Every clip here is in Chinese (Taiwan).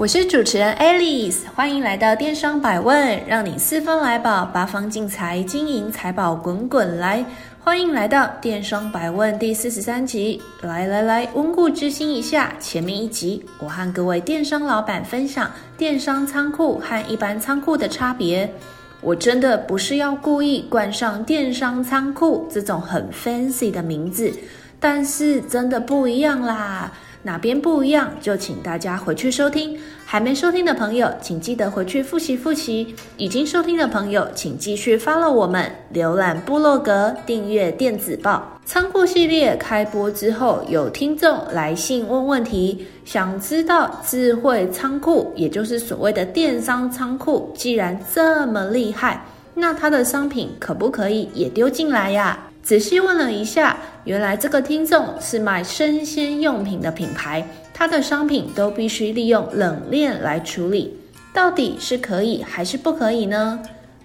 我是主持人 Alice，歡迎來到電商百問，讓你四方來寶，八方進財，金銀財寶滾滾來。歡迎來到電商百問第四十三集。來來來，溫故知新一下前面一集，我和各位電商老板分享電商倉庫和一般倉庫的差別。我真的不是要故意冠上“電商倉庫”這種很 fancy 的名字，但是真的不一樣啦。哪邊不一樣，就請大家回去收聽。還沒收聽的朋友，請記得回去複習複習。已經收聽的朋友，請繼續 follow 我們，瀏覽部落格，訂閱電子報。倉庫系列開播之後，有聽眾來信問問題，想知道智慧倉庫，也就是所謂的電商倉庫，既然這麼厲害，那它的商品可不可以也丟進來呀？仔細問了一下，原來這個聽眾是賣生鮮用品的品牌，他的商品都必須利用冷鏈來處理。到底是可以還是不可以呢？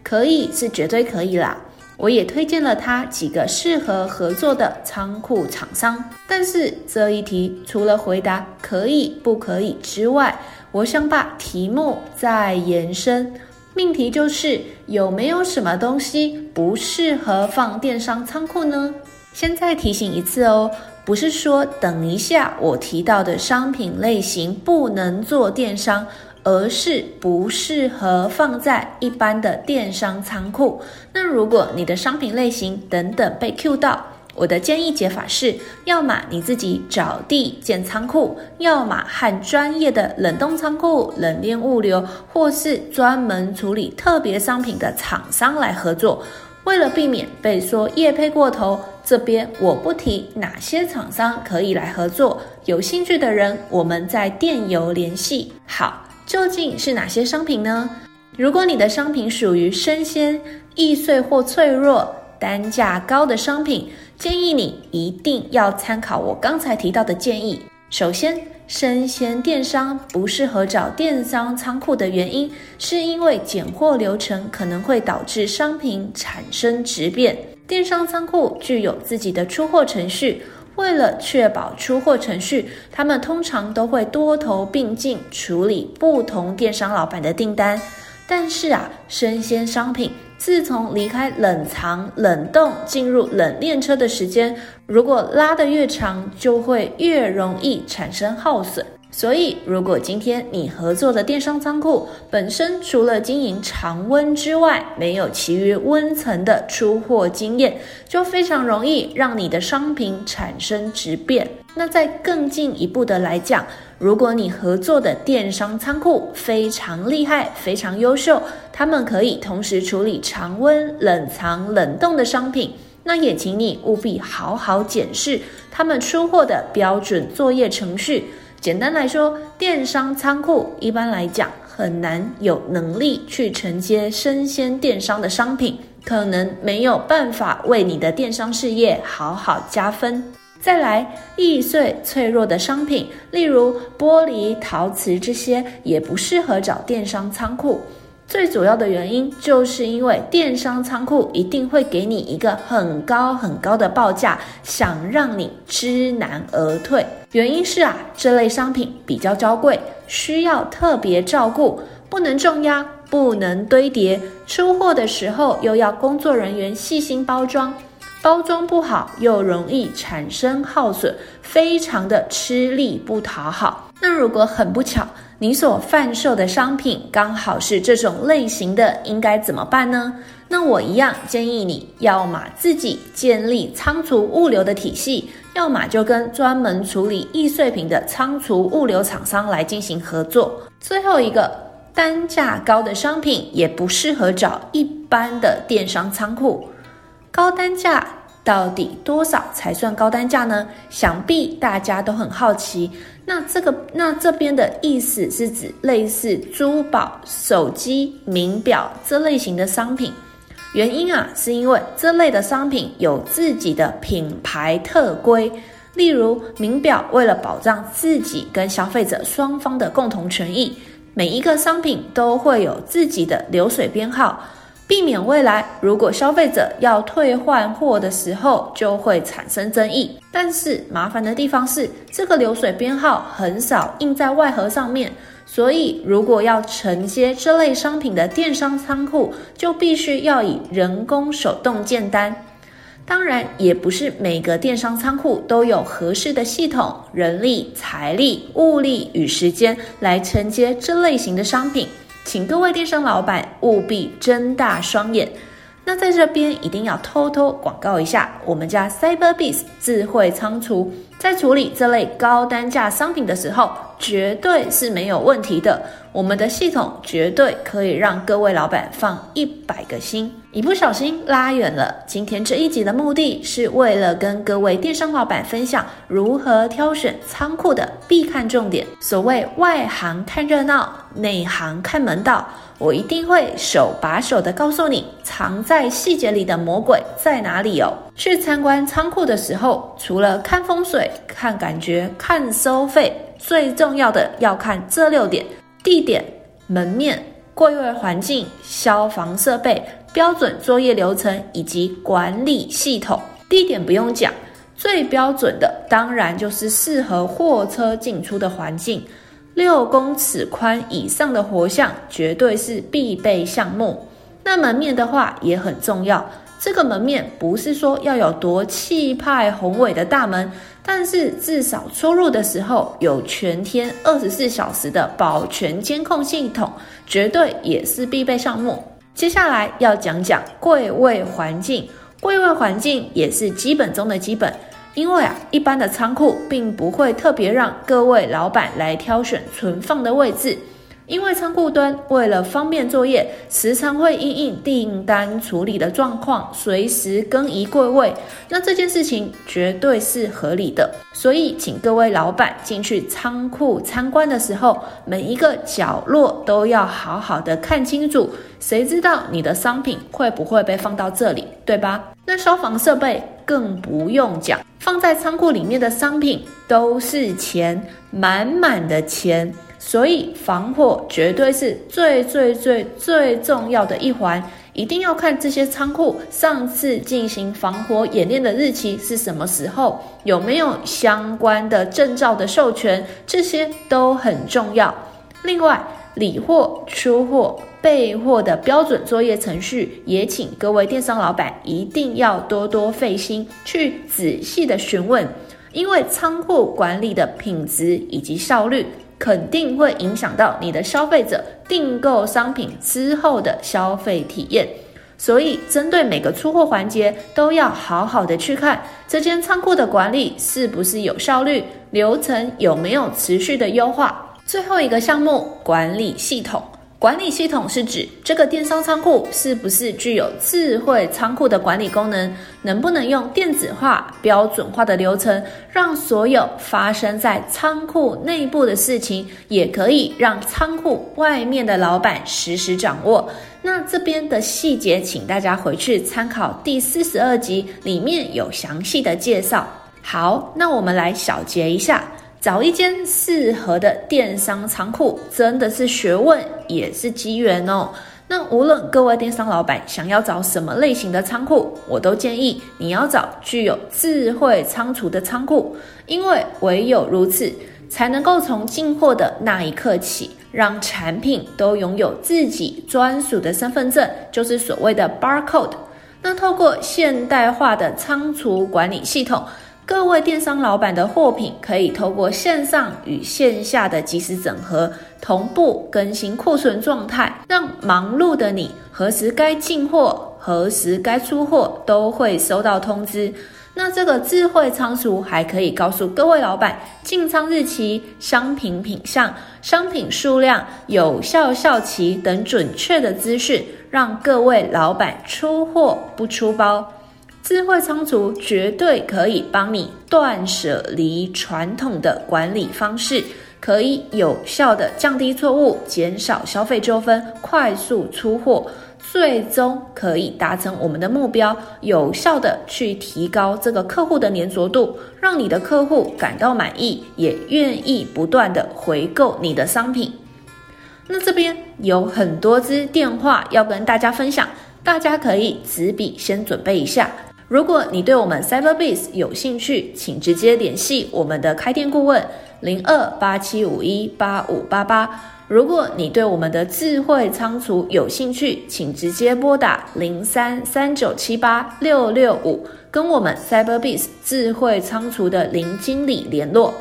可以是絕對可以啦。我也推薦了他幾個適合合作的倉庫廠商。但是這一題除了回答可以不可以之外，我想把題目再延伸。命題就是有沒有什麼東西不適合放電商倉庫呢？先再提醒一次哦，不是說等一下我提到的商品類型不能做電商，而是不適合放在一般的電商倉庫。那如果你的商品類型等等被 Q 到，我的建議解法是：要麼你自己找地建倉庫，要麼和專業的冷凍倉庫、冷鏈物流，或是專門處理特別商品的廠商來合作。為了避免被說業配過頭，這邊我不提哪些廠商可以來合作。有興趣的人，我們在電郵聯繫。好，究竟是哪些商品呢？如果你的商品屬於生鮮、易碎或脆弱、單價高的商品，建議你一定要參考我剛才提到的建議。首先，生鮮電商不適合找電商倉庫的原因，是因為揀貨流程可能會導致商品產生質變。電商倉庫具有自己的出貨程序，為了確保出貨程序，他們通常都會多頭並進處理不同電商老板的訂單。但是啊，生鮮商品，自從離開冷藏、冷凍進入冷鏈車的時間，如果拉得越長，就會越容易產生耗損。所以，如果今天你合作的電商倉庫本身除了經營常溫之外，沒有其餘溫層的出貨經驗，就非常容易讓你的商品產生質變。那再更進一步的來講，如果你合作的電商倉庫非常厲害、非常優秀，他們可以同時處理常溫、冷藏、冷凍的商品，那也請你務必好好檢視他們出貨的標準作業程序。簡單來說，電商倉庫一般來講很難有能力去承接生鮮電商的商品，可能沒有辦法為你的電商事業好好加分。再來，易碎脆弱的商品，例如玻璃、陶瓷這些，也不適合找電商倉庫。最主要的原因就是因為電商倉庫一定會給你一個很高很高的報價，想讓你知難而退。原因是啊，這類商品比較嬌貴，需要特別照顧，不能重壓，不能堆疊，出貨的時候又要工作人員細心包裝。包裝不好又容易產生耗損，非常的吃力不討好。那如果很不巧，你所販售的商品剛好是這種類型的，應該怎麼辦呢？那我一樣建議你，要麼自己建立倉儲物流的體系，要麼就跟專門處理易碎品的倉儲物流廠商來進行合作。最後一個，單價高的商品也不適合找一般的電商倉庫。高單價到底多少才算高單價呢？想必大家都很好奇。那這個，那這邊的意思是指類似珠寶、手機、名錶這類型的商品。原因啊，是因為這類的商品有自己的品牌特規。例如，名錶為了保障自己跟消費者雙方的共同權益，每一個商品都會有自己的流水編號。避免，未來如果消費者要退換貨的時候，就會產生爭議。但是麻煩的地方是，這個流水編號很少印在外盒上面，所以如果要承接這類商品的電商倉庫，就必須要以人工手動建單。當然，也不是每個電商倉庫都有合適的系統、人力、財力、物力與時間來承接這類型的商品。請各位電商老板務必睜大雙眼。那在這邊一定要偷偷廣告一下，我們家 Cyberbiz 智慧倉儲在處理這類高單價商品的時候，絕對是沒有問題的，我們的系統絕對可以讓各位老闆放一百個心。一不小心拉遠了。今天這一集的目的是為了跟各位電商老闆分享如何挑選倉庫的必看重點。所謂外行看熱鬧，內行看門道，我一定會手把手的告訴你藏在細節裡的魔鬼在哪裡哦。去參觀倉庫的時候，除了看風水、看感覺、看收費，最重要的要看這六點：地點、門面、櫃位環境、消防設備、標準作業流程以及管理系統。地點不用講，最標準的當然就是適合貨車進出的環境。六公尺寬以上的活巷絕對是必備項目。那門面的話也很重要。這個門面不是說要有多氣派宏偉的大門，但是至少出入的時候有全天二十四小時的保全監控系統，絕對也是必備項目。接下來要講講櫃位環境，櫃位環境也是基本中的基本，因為啊，一般的倉庫並不會特別讓各位老闆來挑選存放的位置。因為倉庫端為了方便作業，時常會因應訂單處理的狀況，隨時更移櫃位。那這件事情絕對是合理的，所以請各位老板進去倉庫參觀的時候，每一個角落都要好好的看清楚，誰知道你的商品會不會被放到這裡，對吧？那消防設備更不用講，放在倉庫裡面的商品都是錢，滿滿的錢。所以防火絕對是最最最最重要的一環，一定要看這些倉庫上次進行防火演練的日期是什麼時候，有沒有相關的證照的授權，這些都很重要。另外，理貨、出貨、備貨的標準作業程序，也請各位電商老闆一定要多多費心去仔細的詢問，因為倉庫管理的品質以及效率。肯定會影響到你的消費者訂購商品之後的消費體驗，所以針對每個出貨環節都要好好的去看，這間倉庫的管理是不是有效率，流程有沒有持續的優化。最後一個項目，管理系統。管理系統是指這個電商倉庫是不是具有智慧倉庫的管理功能？能不能用電子化、標準化的流程，讓所有發生在倉庫內部的事情，也可以讓倉庫外面的老闆實時掌握？那這邊的細節，請大家回去參考第四十二集，裡面有詳細的介紹。好，那我們來小結一下。找一間適合的電商倉庫，真的是學問，也是機緣哦。那無論各位電商老闆想要找什麼類型的倉庫，我都建議你要找具有智慧倉儲的倉庫，因為唯有如此，才能夠從進貨的那一刻起，讓產品都擁有自己專屬的身份證，就是所謂的 barcode。那透過現代化的倉儲管理系統，各位電商老板的貨品，可以透過線上與線下的即時整合，同步更新庫存狀態，讓忙碌的你何時該進貨、何時該出貨都會收到通知。那這個智慧倉儲還可以告訴各位老板進倉日期、商品品項、商品數量、有效效期等準確的資訊，讓各位老板出貨不出包。智慧倉儲絕對可以幫你斷舍離傳統的管理方式，可以有效的降低錯誤，減少消費糾紛，快速出貨，最終可以達成我們的目標，有效的去提高這個客戶的粘着度，讓你的客戶感到滿意，也願意不斷的回購你的商品。那這邊有很多支電話要跟大家分享，大家可以紙筆先準備一下。如果你對我們 Cyberbiz 有興趣，請直接聯繫我們的開店顧問零二八七五一八五八八。如果你對我們的智慧倉儲有興趣，請直接撥打零三三九七八六六五，跟我們 Cyberbiz 智慧倉儲的林經理聯絡。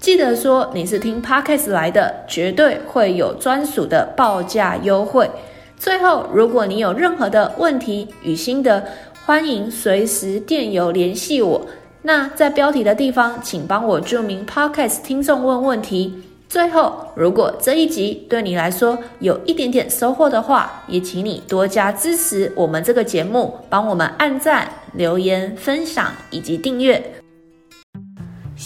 記得說你是聽 Podcast 來的，絕對會有專屬的報價優惠。最後，如果你有任何的問題與心得，歡迎隨時電郵聯繫我。那在標題的地方，請幫我注明 Podcast 聽眾問問題。最後，如果這一集對你來說有一點點收穫的話，也請你多加支持我們這個節目，幫我們按讚、留言、分享以及訂閱。